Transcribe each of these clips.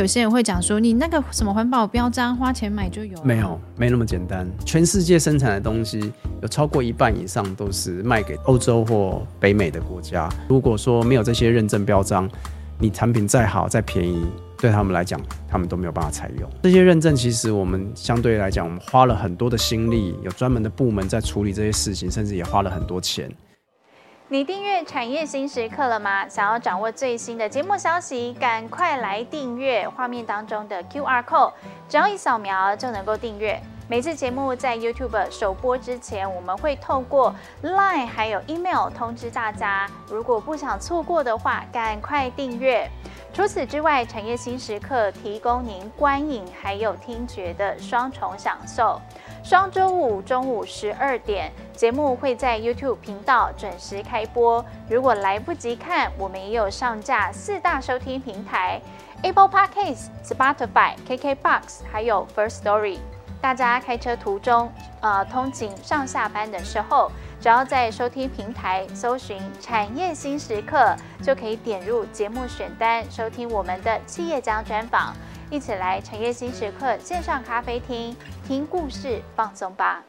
有些人會講說，你那個什麼環保標章，花錢買就有？沒有，沒那麼簡單。全世界生產的東西，有超過一半以上都是賣給歐洲或北美的國家。如果說沒有這些認證標章，你產品再好再便宜，對他們來講，他們都沒有辦法採用。這些認證其實我們相對來講，我們花了很多的心力，有專門的部門在處理這些事情，甚至也花了很多錢。你訂閱《產業心時刻》了嗎？想要掌握最新的節目消息，趕快來訂閱畫面當中的 QR code，只要一掃描就能夠訂閱。每次節目在 YouTube 首播之前，我們會透過 Line 還有 Email 通知大家。如果不想錯過的話，趕快訂閱。除此之外，《產業心時刻》提供您觀影還有聽覺的雙重享受。雙週五中午十二點，節目會在 YouTube 頻道準時開播。如果來不及看，我們也有上架四大收聽平台：Apple Podcasts、Spotify、KKBox，還有 First Story。大家開車途中、呃，通勤上下班的時候，只要在收聽平台搜尋“產業心時刻”，就可以點入節目選單，收聽我們的企業家專訪。一起來產業心時刻線上咖啡廳聽故事放鬆吧。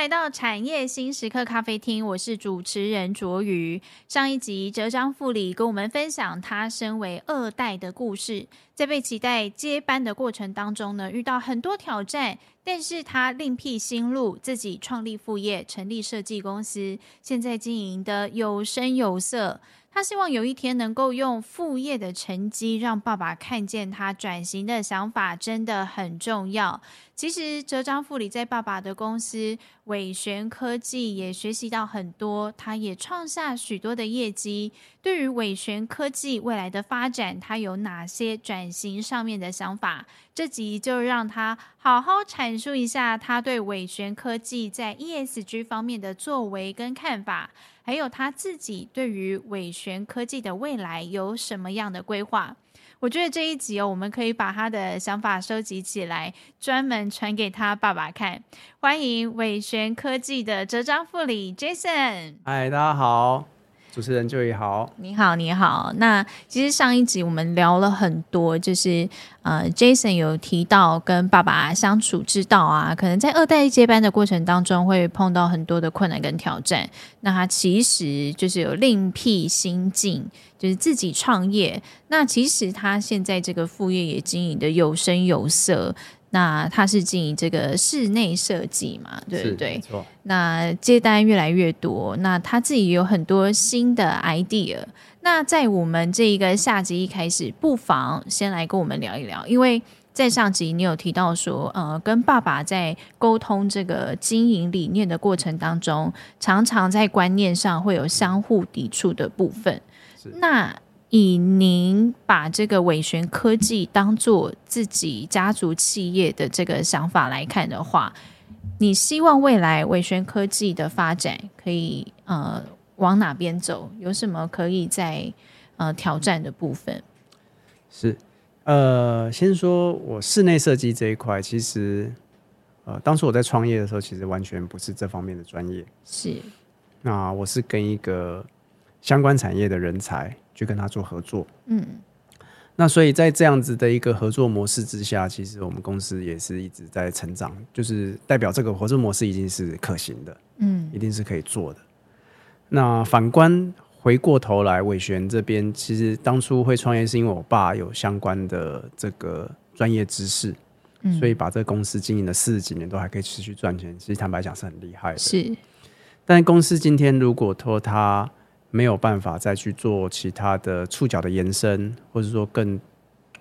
來到產業心時刻咖啡廳，我是主持人卓瑜。上一集，哲彰副理跟我們分享他身為二代的故事，在被期待接班的過程當中呢，遇到很多挑戰，但是他另闢新路，自己創立副業，成立設計公司，現在經營得有聲有色。他希望有一天能夠用副業的成績讓爸爸看見他轉型的想法真的很重要。其實，哲彰副理在爸爸的公司瑋璿科技也學習到很多，他也創下許多的業績。對於瑋璿科技未來的發展，他有哪些轉型上面的想法？這集就讓他好好闡述一下他對瑋璿科技在 ESG 方面的作為跟看法。還有他自己對於瑋璿科技的未來有什麼樣的規劃？我覺得這一集哦，我們可以把他的想法收集起來，專門傳給他爸爸看。歡迎瑋璿科技的哲彰副理 Jason，嗨，大家好。主持人就怡好，你好，你好。那其實上一集我們聊了很多，就是呃，Jason 有提到跟爸爸相處之道啊，可能在二代一接班的過程當中會碰到很多的困難跟挑戰。那他其實就是有另闢蹊徑，就是自己創業。那其實他現在這個副業也經營得有聲有色。那他是經營這個室內設計嘛，對對對。是，沒錯。那接單越來越多，那他自己有很多新的 idea。那在我們這一個下集一開始，不妨先來跟我們聊一聊，因為在上集你有提到說，呃，跟爸爸在溝通這個經營理念的過程當中，常常在觀念上會有相互抵觸的部分。是。那。以您把這個瑋璿科技當做自己家族企業的這個想法來看的話，你希望未來瑋璿科技的發展可以呃往哪邊走？有什麼可以在呃挑戰的部分？是，呃，先說我室內設計這一塊，其實呃，當初我在創業的時候，其實完全不是這方面的專業。是，那我是跟一個。相關產業的人才去跟他做合作，嗯，那所以在這樣子的一個合作模式之下，其實我們公司也是一直在成長，就是代表這個合作模式已經是可行的，嗯，一定是可以做的。那反觀回過頭來，瑋璿這邊，其實當初會創業是因為我爸有相關的這個專業知識，嗯，所以把這個公司經營了四十幾年都還可以持續賺錢，其實坦白講是很厲害的。是，但公司今天如果托他。沒有辦法再去做其他的觸角的延伸，或者說更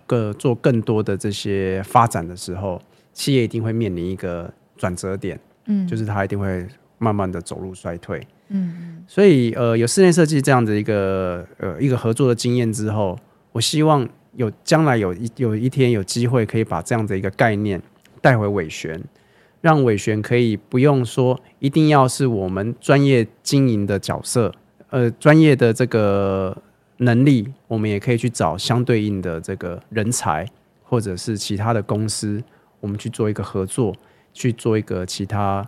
更做更多的這些發展的時候，企業一定會面臨一個轉折點，嗯，就是它一定會慢慢的走入衰退，嗯，所以呃有室內設計這樣的一個呃一個合作的經驗之後，我希望有將來有一有一天有機會可以把這樣的一個概念帶回瑋璿，讓瑋璿可以不用說一定要是我們專業經營的角色。呃，專業的這個能力，我們也可以去找相對應的這個人才，或者是其他的公司，我們去做一個合作，去做一個其他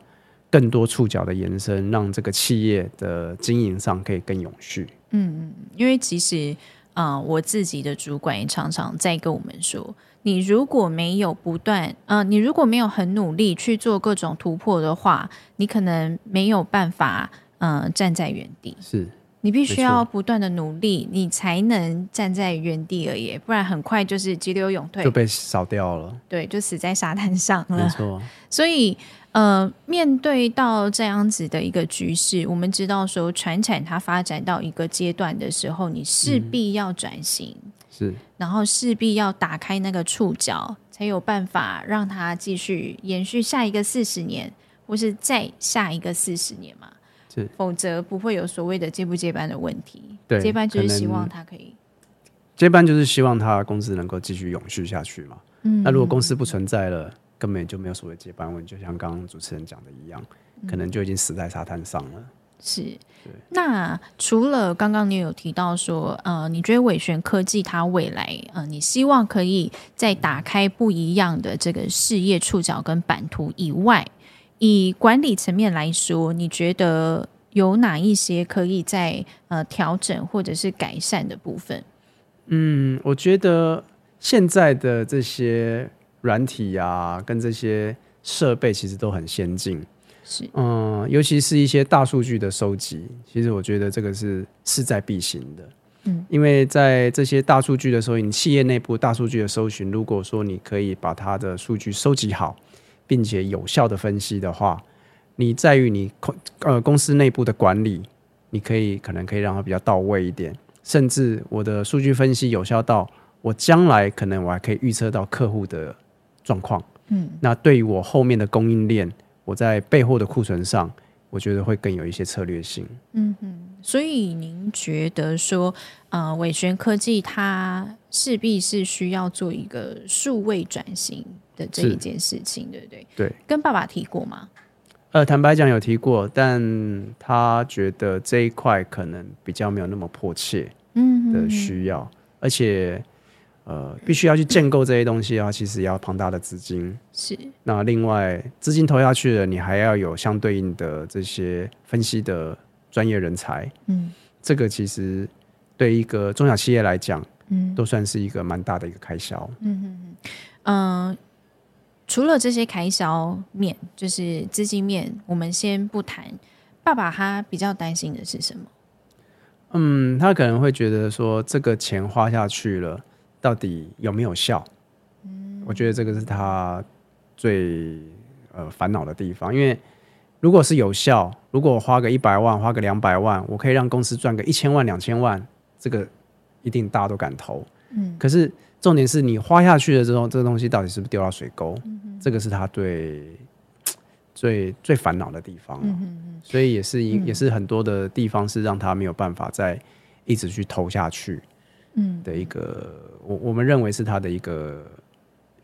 更多觸角的延伸，讓這個企業的經營上可以更永續。嗯嗯，因為其實啊，呃，我自己的主管也常常在跟我們說，你如果沒有不斷，呃，你如果沒有很努力去做各種突破的話，你可能沒有辦法。嗯、呃，站在原地是你必須要不斷的努力，沒錯。你才能站在原地而已，不然很快就是急流勇退，就被掃掉了。對，就死在沙灘上了。沒錯、啊。所以，呃，面對到這樣子的一個局勢，我們知道說，傳產它發展到一個階段的時候，你勢必要轉型，是、嗯，然後勢必要打開那個觸角，是。才有辦法讓它繼續延續下一個四十年，或是再下一個四十年嘛。是否則不會有所謂的接不接班的問題。對，接班就是希望他可以可接班，就是希望他公司能夠繼續永續下去嘛。嗯,那如果公司不存在了，根本就沒有所謂接班問題。就像剛剛主持人講的一樣，可能就已經死在沙灘上了。嗯、是，對那除了剛剛你有提到說，呃，你覺得瑋璿科技它未來，呃，你希望可以再打開不一樣的這個事業觸角跟版圖以外。以管理層面來說，你覺得有哪一些可以再呃，調整或者是改善的部分？嗯，我覺得現在的這些軟體啊，跟這些設備其實都很先進。是，嗯，尤其是一些大數據的收集，其實我覺得這個是勢在必行的。嗯，因為在這些大數據的時候，你企業內部大數據的搜尋，如果說你可以把它的數據收集好。並且有效的分析的話，你在於你公呃公司內部的管理，你可以可能可以讓它比較到位一點，甚至我的數據分析有效到我將來可能我還可以預測到客戶的狀況。嗯，那對於我後面的供應鏈，我在背後的庫存上，我覺得會更有一些策略性。嗯嗯，所以您覺得說，呃，瑋璿科技它勢必是需要做一個數位轉型的這一件事情，是對不對？對，跟爸爸提過嗎？呃，坦白講有提過，但他覺得這一塊可能比較沒有那麼迫切，嗯，的需要，嗯、哼哼而且呃，必須要去建構這些東西的話，其實要龐大的資金，是。那另外，資金投下去了，你還要有相對應的這些分析的專業人才，嗯，這個其實對一個中小企業來講，嗯，都算是一個蠻大的一個開銷，嗯嗯，嗯、呃。除了這些開銷面，就是資金面，我們先不談。爸爸他比較擔心的是什麼？嗯，他可能會覺得說，這個錢花下去了，到底有沒有效？嗯，我覺得這個是他最呃煩惱的地方。因為如果是有效，如果我花個一百萬，花個兩百萬，我可以讓公司賺個一千萬、兩千萬，這個一定大家都敢投。嗯，可是。重點是你花下去的這種這個東西到底是不是丟到水溝？嗯、哼這個是他對最最最煩惱的地方、啊，嗯、哼哼所以也是也是很多的地方是讓他沒有辦法再一直去投下去。嗯，的一個、嗯、哼我我們認為是他的一個。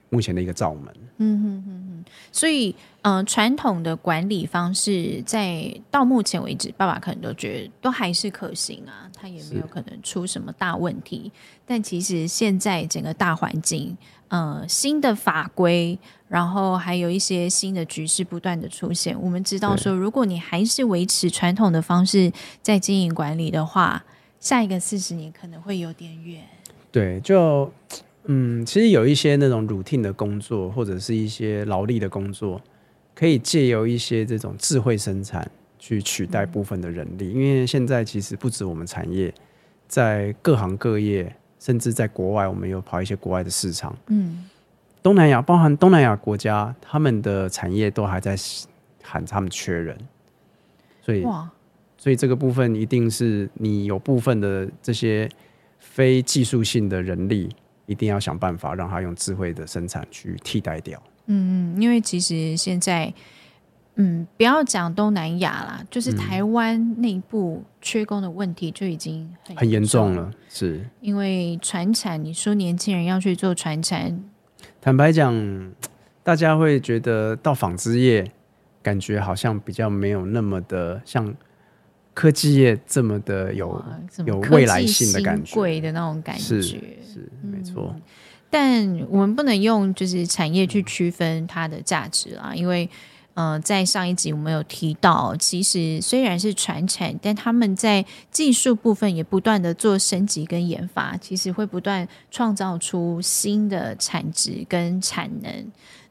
目前的一個罩門，嗯哼哼哼，所以，嗯、呃，傳統的管理方式在到目前為止，爸爸可能都覺得都還是可行啊，他也沒有可能出什麼大問題。是但其實現在整個大環境，嗯、呃，新的法規，然後還有一些新的局勢不斷的出現。我們知道說，如果你還是維持傳統的方式在經營管理的話，對下一個四十年可能會有點遠。對，就。嗯，其實有一些那種 routine 的工作，或者是一些勞力的工作，可以借由一些這種智慧生產去取代部分的人力。嗯、因為現在其實不止我們產業，在各行各業，甚至在國外，我們有跑一些國外的市場。嗯，東南亞，包含東南亞國家，他們的產業都還在喊他們缺人，所以，哇所以這個部分一定是你有部分的這些非技術性的人力，一定要想辦法讓他用智慧的生產去替代掉。嗯嗯，因為其實現在，嗯，不要講東南亞啦，就是台灣內部缺工的問題就已經很嚴重。嗯，很嚴重了。是因為傳產，你說年輕人要去做傳產，坦白講，大家會覺得到紡織業，感覺好像比較沒有那麼的像。科技業這麼的有有未來性，的感覺貴的那種感覺是，是沒錯。嗯，但我們不能用就是產業去區分它的價值啊，嗯、因為呃，在上一集我們有提到，其實雖然是傳產，但他們在技術部分也不斷的做升級跟研發，其實會不斷創造出新的產值跟產能。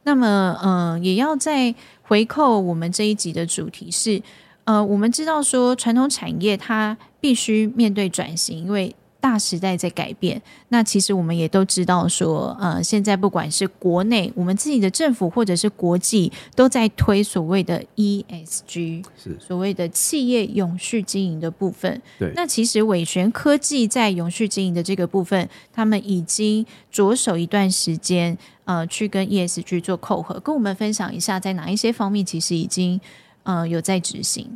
那麼，嗯、呃，也要再回扣我們這一集的主題是。呃，我們知道說傳統產業它必須面對轉型，因為大時代在改變。那其實我們也都知道說，呃，現在不管是國內我們自己的政府，或者是國際，都在推所謂的 ESG，是所謂的企業永續經營的部分。對。那其實瑋璿科技在永續經營的這個部分，他們已經着手一段時間，呃，去跟 ESG 做扣合。跟我們分享一下，在哪一些方面其實已經。呃，有在執行。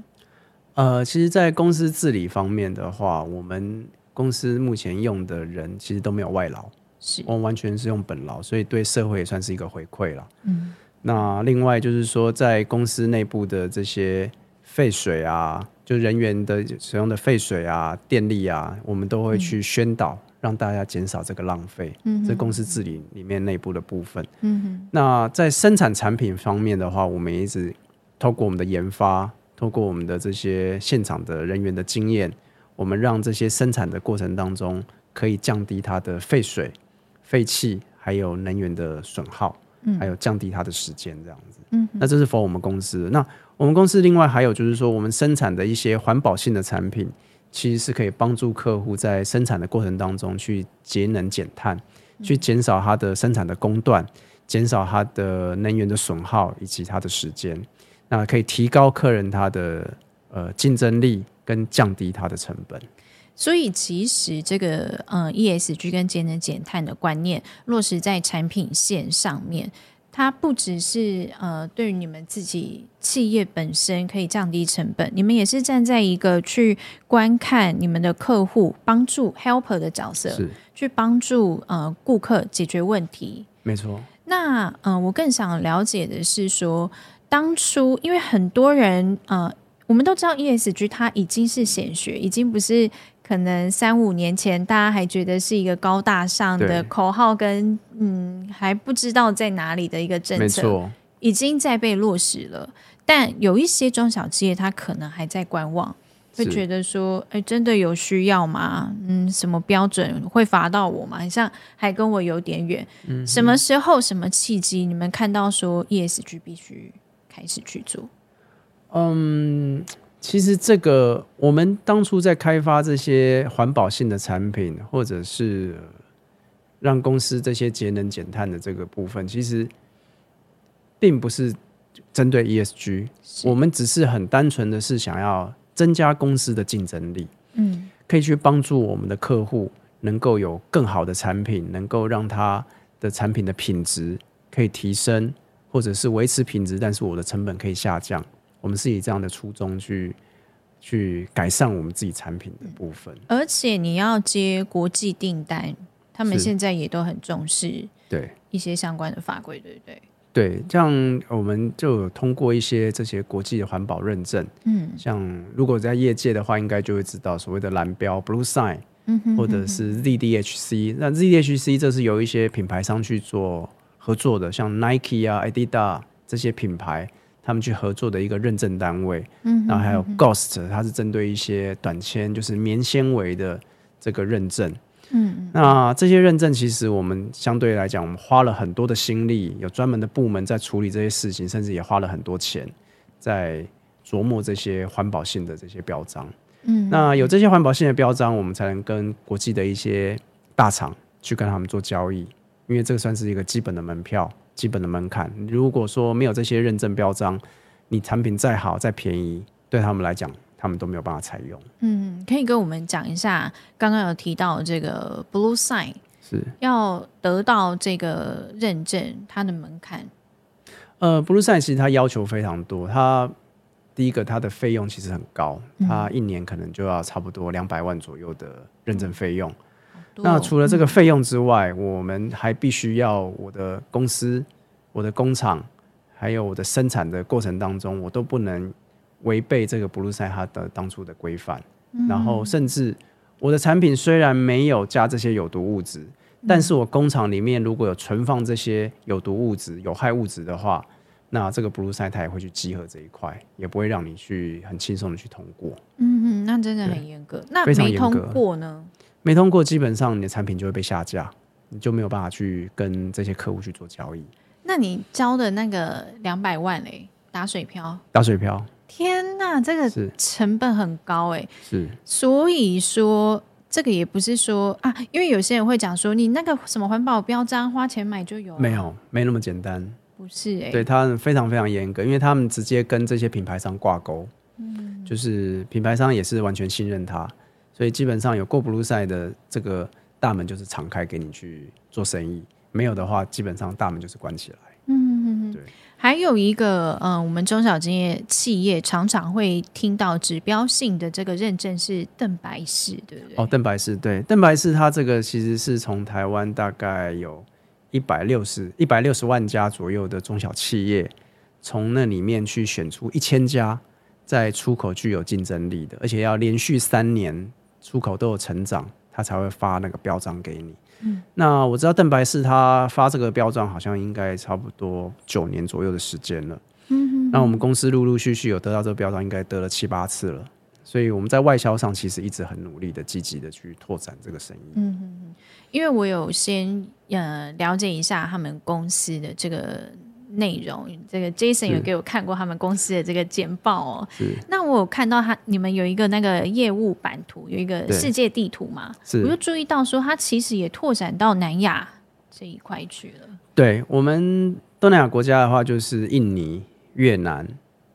呃，其實，在公司治理方面的話，我們公司目前用的人其實都沒有外勞，是，我們完全是用本勞，所以對社會也算是一個回饋了。嗯，那另外就是說，在公司內部的這些廢水啊，就人員的使用的廢水啊、電力啊，我們都會去宣導，讓大家減少這個浪費。嗯，這公司治理裡面內部的部分。嗯哼。那在生產產品方面的話，我們一直。通過我們的研發，通過我們的這些現場的人員的經驗，我們讓這些生產的過程當中可以降低它的廢水、廢氣，還有能源的損耗，嗯，還有降低它的時間，這樣子，嗯，那這是 for 我們公司。那我們公司另外還有就是說，我們生產的一些環保性的產品，其實是可以幫助客戶在生產的過程當中去節能減碳，去減少它的生產的工段，減少它的能源的損耗以及它的時間。那可以提高客人他的呃競爭力，跟降低他的成本。所以其實這個嗯、呃、ESG 跟節能減碳的觀念落實在產品線上面，它不只是呃對於你們自己企業本身可以降低成本，你們也是站在一個去觀看你們的客戶幫助 helper 的角色，是去幫助呃顧客解決問題。沒錯。那嗯、呃，我更想了解的是說。當初因為很多人，啊、呃，我們都知道 ESG 它已經是顯學，已經不是可能三五年前大家還覺得是一個高大上的口號跟，跟對嗯還不知道在哪裡的一個政策，錯已經在被落實了。但有一些中小企業，它可能還在觀望，是會覺得說，哎、欸，真的有需要嗎？嗯，什麼標準會罰到我嗎？好像還跟我有點遠。嗯、哼什麼時候、什麼契機？你們看到說 ESG 必須？開始去做，嗯，um, 其實這個我們當初在開發這些環保性的產品，或者是讓公司這些節能減碳的這個部分，其實並不是針對 ESG，是我們只是很單純的是想要增加公司的競爭力，嗯，可以去幫助我們的客戶能夠有更好的產品，能夠讓他的產品的品質可以提升。或者是維持品質，但是我的成本可以下降。我們是以這樣的初衷去去改善我們自己產品的部分。嗯、而且你要接國際訂單，是他們現在也都很重視，對一些相關的法規，對，對不對？對，這樣我們就通過一些這些國際的環保認證，嗯，像如果在業界的話，應該就會知道所謂的藍標 （Blue Sign） 嗯哼哼哼哼，或者是 ZDHC，那 ZDHC 這是由一些品牌商去做。合作的像 Nike 啊、Adidas、啊、這些品牌，他們去合作的一個認證單位，嗯，哼嗯哼，然後還有 Ghost，h 它是針對一些短纖，就是棉纖維的這個認證，嗯，那這些認證其實我們相對來講，我們花了很多的心力，有專門的部門在處理這些事情，甚至也花了很多錢在琢磨這些環保性的這些標章，嗯，嗯，那有這些環保性的標章，我們才能跟國際的一些大廠去跟他們做交易。因為這個算是一個基本的門票、基本的門檻。如果說沒有這些認證標章，你產品再好、再便宜，對他們來講，他們都沒有辦法採用。嗯，可以跟我們講一下，剛剛有提到這個 Blue Sign 是要得到這個認證，它的門檻？呃，Blue Sign 其實它要求非常多。它第一個，它的費用其實很高，嗯，它一年可能就要差不多兩百萬左右的認證費用。那除了這個費用之外，嗯、哼我們還必須要我的公司、我的工廠，還有我的生產的過程當中，我都不能違背這個 bluesign 它的當初的規範。嗯、哼然後，甚至我的產品雖然沒有加這些有毒物質，嗯、哼但是我工廠裡面如果有存放這些有毒物質、有害物質的話，那這個 bluesign 它也會去稽核這一塊，也不會讓你去很輕鬆的去通過。嗯嗯，那真的很嚴格。對那沒通過呢？沒通過，基本上你的產品就會被下架，你就沒有辦法去跟這些客戶去做交易。那你交的那個兩百萬嘞、欸，打水漂？打水漂！天哪，這個成本很高哎、欸，是。所以說，這個也不是說啊，因為有些人會講說，你那個什麼環保標章，花錢買就有？沒有，沒那麼簡單。不是哎、欸，對，他非常非常嚴格，因為他們直接跟這些品牌商掛鈎，嗯，就是品牌商也是完全信任他。所以基本上有過布魯賽的這個大門就是敞開給你去做生意，沒有的話基本上大門就是關起來。嗯嗯嗯。對，還有一個，嗯、呃，我們中小型企,企業常常會聽到指標性的這個認證是鄧白氏，對不對？哦，鄧白氏，對，鄧白氏它這個其實是從台灣大概有一百六十、一百六十萬家左右的中小企業，從那裡面去選出一千家在出口具有競爭力的，而且要連續三年。出口都有成長，他才會發那個標章給你。嗯，那我知道鄧白氏他發這個標章，好像應該差不多九年左右的時間了。嗯，哼嗯，那我們公司陸陸續續有得到這個標章，應該得了七八次了。所以我們在外銷上其實一直很努力的、積極的去拓展這個生意。嗯，哼嗯，因為我有先呃了解一下他們公司的這個。內容，這個 Jason 有給我看過他們公司的這個簡報哦、喔。是那我有看到他你們有一個那個業務版圖，有一個世界地圖嘛？是。我就注意到說，他其實也拓展到南亞這一塊去了。對，我們東南亞國家的話，就是印尼、越南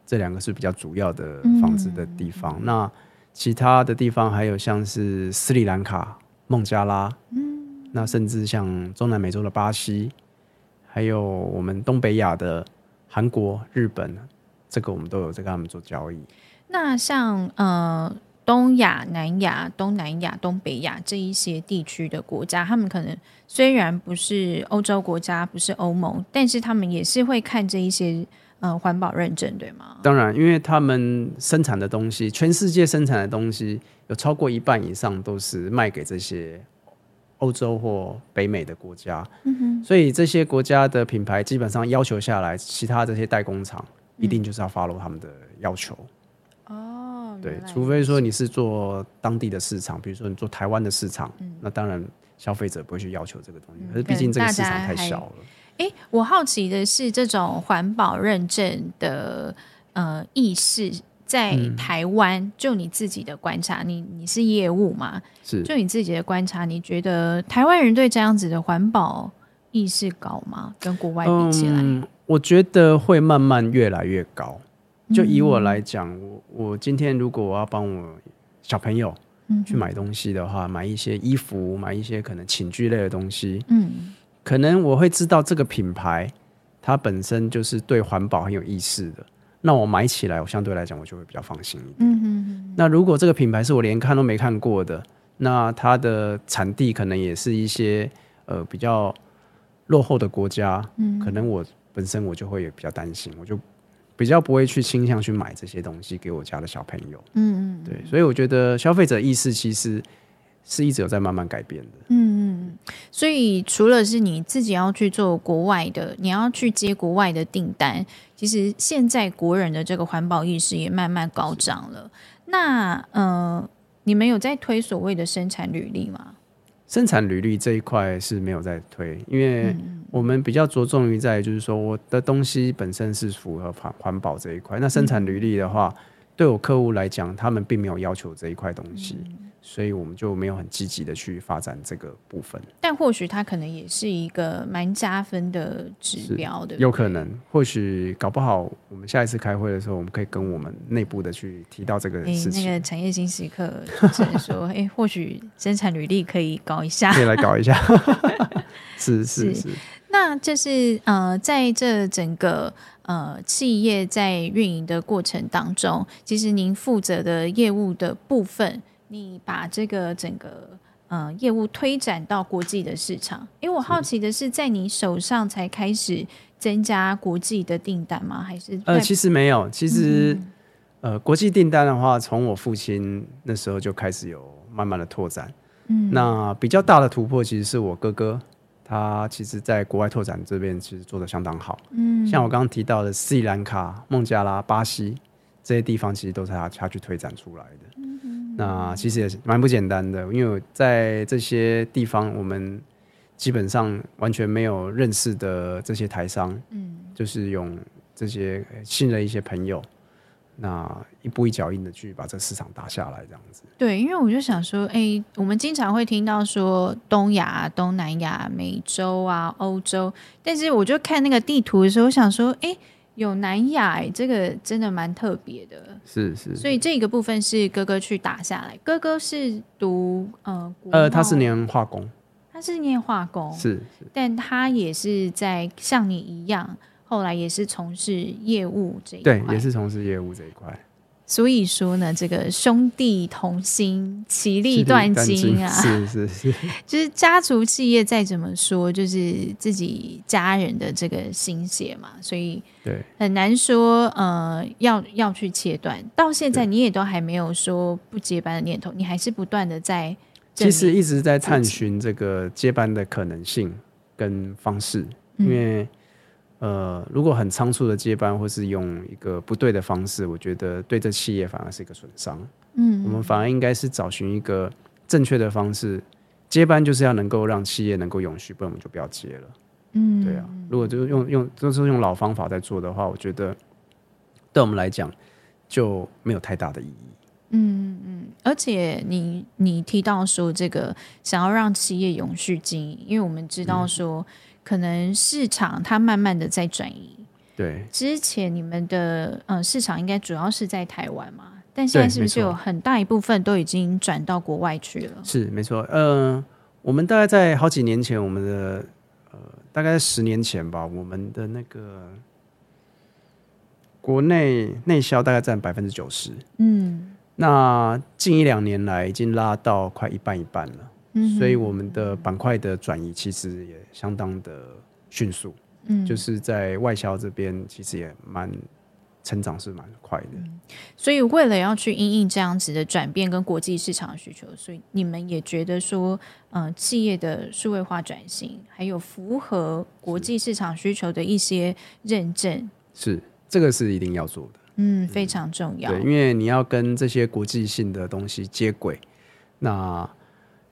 這兩個是比較主要的房子的地方。嗯、那其他的地方還有像是斯里蘭卡、孟加拉，嗯，那甚至像中南美洲的巴西。還有我們東北亞的韓國、日本，這個我們都有在跟、這個、他們做交易。那像呃東亞、南亞、東南亞、東北亞這一些地區的國家，他們可能雖然不是歐洲國家，不是歐盟，但是他們也是會看這一些呃環保認證，對嗎？當然，因為他們生產的東西，全世界生產的東西有超過一半以上都是賣給這些。歐洲或北美的國家，嗯、哼所以這些國家的品牌基本上要求下來，其他這些代工廠一定就是要 follow 他們的要求，嗯、對哦，對，除非說你是做當地的市場，比如說你做台灣的市場，嗯、那當然消費者不會去要求這個東西，嗯、可是畢竟這個市場太小了。欸、我好奇的是這種環保認證的呃意識。在台灣，嗯、就你自己的觀察，你你是業務嘛？是。就你自己的觀察，你覺得台灣人對這樣子的環保意識高嗎？跟國外比起來、嗯？我覺得會慢慢越來越高。就以我來講，嗯、我我今天如果我要幫我小朋友去買東西的話，嗯、哼買一些衣服，買一些可能寢具類的東西，嗯，可能我會知道這個品牌，它本身就是對環保很有意識的。那我買起來，我相對來講我就會比較放心一點。嗯嗯嗯。那如果這個品牌是我連看都沒看過的，那它的產地可能也是一些呃比較落後的國家，嗯哼，可能我本身我就會也比較擔心，我就比較不會去傾向去買這些東西給我家的小朋友。嗯嗯，對，所以我覺得消費者意識其實。是一直有在慢慢改變的。嗯嗯，所以除了是你自己要去做國外的，你要去接國外的訂單，其實現在國人的這個環保意識也慢慢高漲了。是那呃，你們有在推所謂的生產履歷嗎？生產履歷這一塊是沒有在推，因為我們比較着重於在於就是說我的東西本身是符合環環保這一塊。那生產履歷的話，嗯、對我客戶來講，他們並沒有要求這一塊東西。嗯所以，我們就沒有很積極的去發展這個部分。但或許它可能也是一個蠻加分的指標的，有可能。對對，或許搞不好，我們下一次開會的時候，我們可以跟我們內部的去提到這個事情。欸、那個產業心時刻說，哎、 欸，或許生產履歷可以搞一下，可以來搞一下。是 是是。那這是呃，在這整個呃，企業在運營的過程當中，其實您負責的業務的部分。你把這個整個嗯、呃、業務推展到國際的市場，因、欸、為我好奇的是，在你手上才開始增加國際的訂單嗎？還是呃，其實沒有，其實、嗯、呃，國際訂單的話，從我父親那時候就開始有慢慢的拓展。嗯，那比較大的突破，其實是我哥哥，他其實在國外拓展這邊其實做得相當好。嗯，像我剛剛提到的斯里蘭卡、孟加拉、巴西這些地方，其實都是他他去推展出來的。那其實也是蠻不簡單的，因為在這些地方，我們基本上完全沒有認識的這些台商，嗯，就是用這些信任一些朋友，那一步一腳印的去把這個市場打下來，這樣子。對，因為我就想說，哎、欸，我們經常會聽到說東亞、東南亞、美洲啊、歐洲，但是我就看那個地圖的時候，我想說，哎、欸。有南亞、欸，這個真的蠻特別的，是是。所以這個部分是哥哥去打下來。哥哥是讀呃，呃，他是念化工，他是念化工，是是。但他也是在像你一樣，後來也是從事業務這一塊，對，也是從事業務這一塊。所以說呢，這個兄弟同心，其利斷金啊！是是是，就是家族企業再怎麼說，就是自己家人的這個心血嘛，所以很難說對呃，要要去切斷。到現在你也都還沒有說不接班的念頭，對你還是不斷的在其實一直在探尋這個接班的可能性跟方式，嗯、因為。呃，如果很倉促的接班，或是用一個不對的方式，我覺得對這企業反而是一個損傷。嗯，我們反而應該是找尋一個正確的方式接班，就是要能夠讓企業能夠永續，不然我們就不要接了。嗯，對啊，如果就是用用就是用老方法在做的話，我覺得對我們來講就沒有太大的意義。嗯嗯，而且你你提到說這個想要讓企業永續經營，因為我們知道說、嗯。可能市場它慢慢的在轉移。對，之前你們的呃市場應該主要是在台灣嘛，但現在是不是有很大一部分都已經轉到國外去了？是，沒錯，嗯，呃，我們大概在好幾年前，我們的呃大概在十年前吧，我們的那個國內內銷大概佔百分之九十，嗯，那近一兩年來已經拉到快一半一半了，所以我們的板塊的轉移其實也相當的迅速，嗯，就是在外銷這邊其實也蠻成長，是蠻快的、嗯。所以為了要去因應這樣子的轉變跟國際市場的需求，所以你們也覺得說，嗯、呃，企業的數位化轉型還有符合國際市場需求的一些認證，是這個是一定要做的，嗯，非常重要、嗯。對，因為你要跟這些國際性的東西接軌，那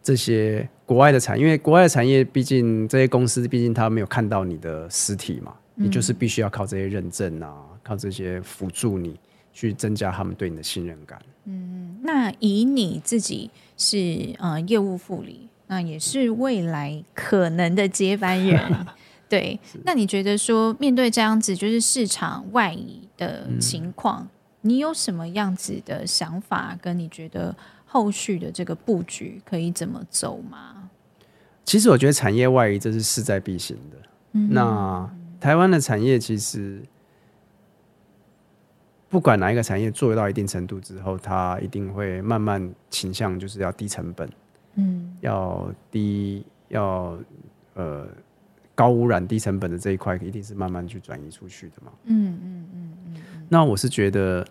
這些國外的產業，因為國外的產業畢竟這些公司畢竟他沒有看到你的實體嘛，嗯、你就是必須要靠這些認證啊，靠這些輔助你去增加他們對你的信任感。嗯，那以你自己是呃業務副理，那也是未來可能的接班人， 對。是那你覺得說，面對這樣子就是市場外移的情況，嗯、你有什麼樣子的想法？跟你覺得？後續的這個布局可以怎麼走嗎？其實我覺得產業外移，這是勢在必行的。嗯嗯，那台灣的產業其實不管哪一個產業做到一定程度之後，它一定會慢慢傾向就是要低成本，嗯，要低，要呃高污染低成本的這一塊一定是慢慢去轉移出去的嘛。嗯嗯嗯嗯。那我是覺得，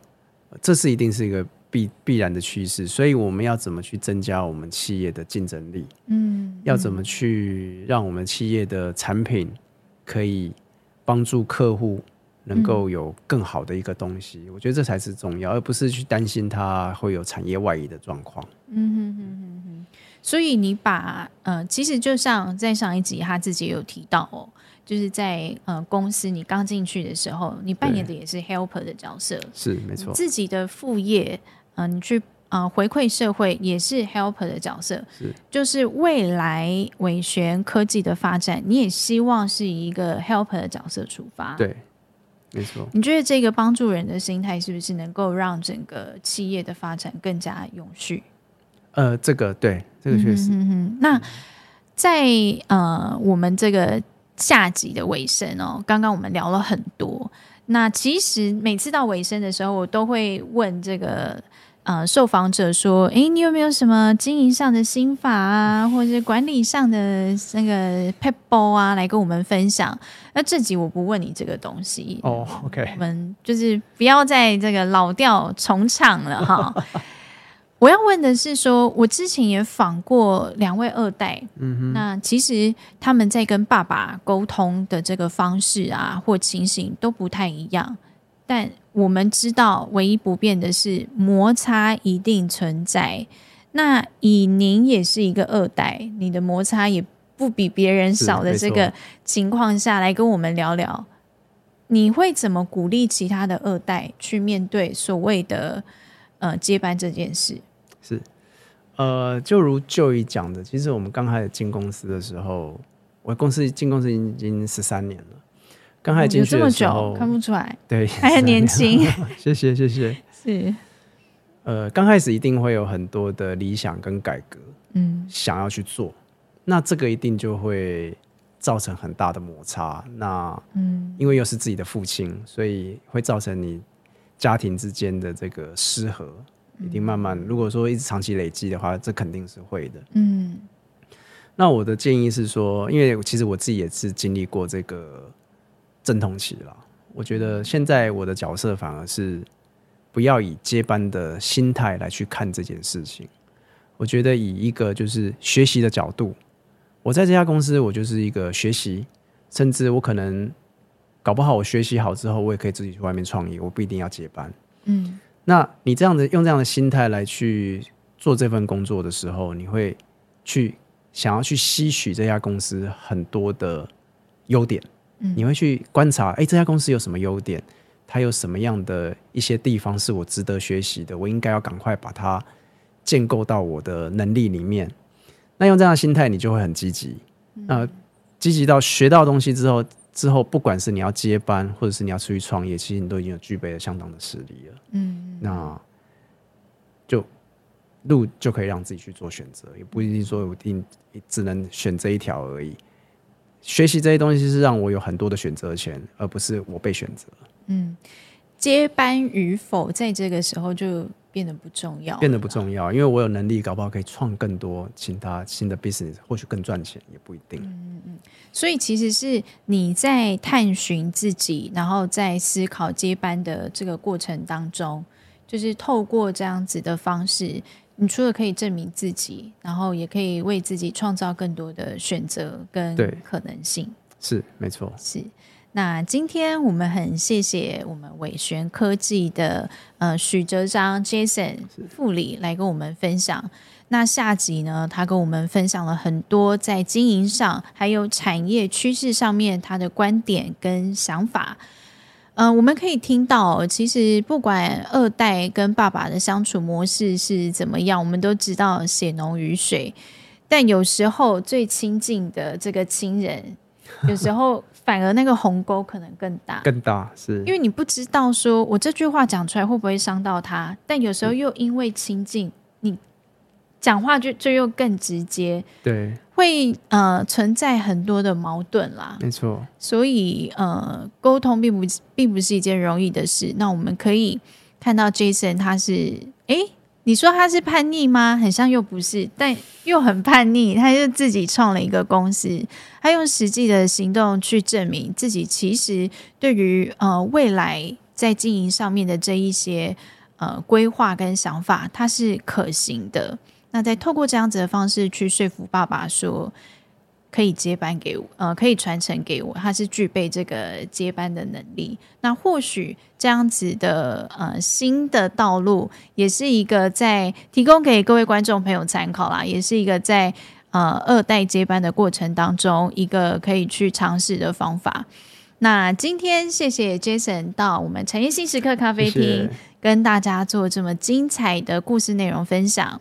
呃，這是一定是一個。必必然的趨勢，所以我們要怎麼去增加我們企業的競爭力？嗯，嗯，要怎麼去讓我們企業的產品可以幫助客戶能夠有更好的一個東西？嗯，我覺得這才是重要，而不是去擔心它會有產業外移的狀況。嗯哼哼哼哼。所以你把呃，其實就像在上一集他自己也有提到哦，喔，就是在呃公司你剛進去的時候，你扮演的也是 helper 的角色，是沒錯，自己的副業。嗯、呃，你去呃回饋社會也是 helper 的角色，是就是未來瑋璿科技的發展，你也希望是一個 helper 的角色出發，對，沒錯。你覺得這個幫助人的心態是不是能夠讓整個企業的發展更加永續？呃，這個對，這個確實。嗯嗯。那在呃我們這個下集的尾聲哦，剛剛我們聊了很多，那其實每次到尾聲的時候，我都會問這個。呃，受訪者說：“誒、欸，你有沒有什麼經營上的心法啊，或者是管理上的那個撇步啊，來跟我們分享？”那這集我不問你這個東西哦、oh,，OK，我們就是不要再這個老調重唱了哈。 我要問的是說，說我之前也訪過兩位二代，嗯哼，那其實他們在跟爸爸溝通的這個方式啊，或情形都不太一樣。但我們知道，唯一不變的是摩擦一定存在。那以您也是一個二代，你的摩擦也不比別人少的這個情況下來，跟我們聊聊，你會怎麼鼓勵其他的二代去面對所謂的呃接班這件事？是，呃，就如 Joy 講的，其實我們剛開始進公司的時候，我公司進公司已經已經十三年了。剛開始進去這麼久，看不出來，對，還很年輕。 謝謝，謝謝。是，呃，剛開始一定會有很多的理想跟改革，嗯，想要去做，那這個一定就會造成很大的摩擦。那，嗯，因為又是自己的父親，嗯、所以會造成你家庭之間的這個失和，一定慢慢，嗯、如果說一直長期累積的話，這肯定是會的。嗯，那我的建議是說，因為其實我自己也是經歷過這個。陣痛期了，我覺得現在我的角色反而是不要以接班的心態來去看這件事情。我覺得以一個就是學習的角度，我在這家公司，我就是一個學習，甚至我可能搞不好我學習好之後，我也可以自己去外面創業，我不一定要接班。嗯，那你這樣的用這樣的心態來去做這份工作的時候，你會去想要去吸取這家公司很多的優點。嗯、你會去觀察，哎、欸，這家公司有什麼優點？它有什麼樣的一些地方是我值得學習的？我應該要趕快把它建構到我的能力裡面。那用這樣的心態，你就會很積極。那積極到學到東西之後，之後不管是你要接班，或者是你要出去創業，其實你都已經有具備了相當的實力了。嗯，那就路就可以讓自己去做選擇，也不一定說一定只能選這一條而已。學習這些東西是讓我有很多的選擇權，而不是我被選擇。嗯，接班與否，在這個時候就變得不重要，變得不重要，因為我有能力，搞不好可以創更多其他新的 business，或許更賺錢也不一定。嗯，所以其實是你在探尋自己，然後在思考接班的這個過程當中，就是透過這樣子的方式。你除了可以證明自己，然後也可以為自己創造更多的選擇跟可能性，對，是沒錯。是，那今天我們很謝謝我們瑋璿科技的呃許哲彰 Jason 副理來跟我們分享。是那下集呢，他跟我們分享了很多在經營上還有產業趨勢上面他的觀點跟想法。嗯、呃，我們可以聽到，其實不管二代跟爸爸的相處模式是怎麼樣，我們都知道血濃於水，但有時候最親近的這個親人，有時候反而那個鴻溝可能更大。更大是，因為你不知道說我這句話講出來會不會傷到他，但有時候又因為親近、嗯、你。講話就就又更直接，對，會呃存在很多的矛盾啦，沒錯。所以呃，溝通並不並不是一件容易的事。那我們可以看到，Jason 他是，哎，你說他是叛逆嗎？很像又不是，但又很叛逆。他就自己創了一個公司，他用實際的行動去證明自己，其實對於呃未來在經營上面的這一些呃規劃跟想法，他是可行的。那再透過這樣子的方式去說服爸爸說，可以接班給我，呃，可以傳承給我，他是具備這個接班的能力。那或許這樣子的呃新的道路，也是一個在提供給各位觀眾朋友參考啦，也是一個在呃二代接班的過程當中一個可以去嘗試的方法。那今天謝謝 Jason 到我們產業心時刻咖啡廳謝跟大家做這麼精彩的故事內容分享。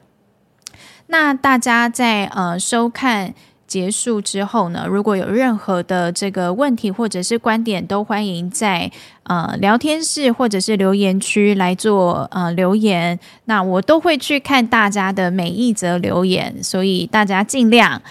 那大家在呃收看結束之後呢，如果有任何的這個問題或者是觀點，都歡迎在呃聊天室或者是留言區來做呃留言。那我都會去看大家的每一則留言，所以大家盡量。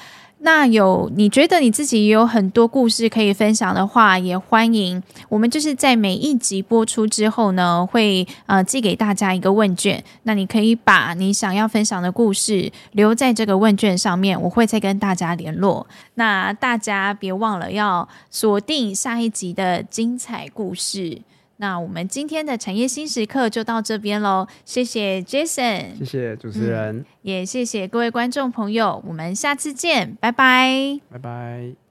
那有，你覺得你自己也有很多故事可以分享的話，也歡迎我們就是在每一集播出之後呢，會呃寄給大家一個問卷。那你可以把你想要分享的故事留在這個問卷上面，我會再跟大家聯絡。那大家別忘了要鎖定下一集的精彩故事。那我們今天的產業心時刻就到這邊嘍，謝謝 Jason，謝謝主持人。嗯，也謝謝各位觀眾朋友，我們下次見，拜拜，拜拜。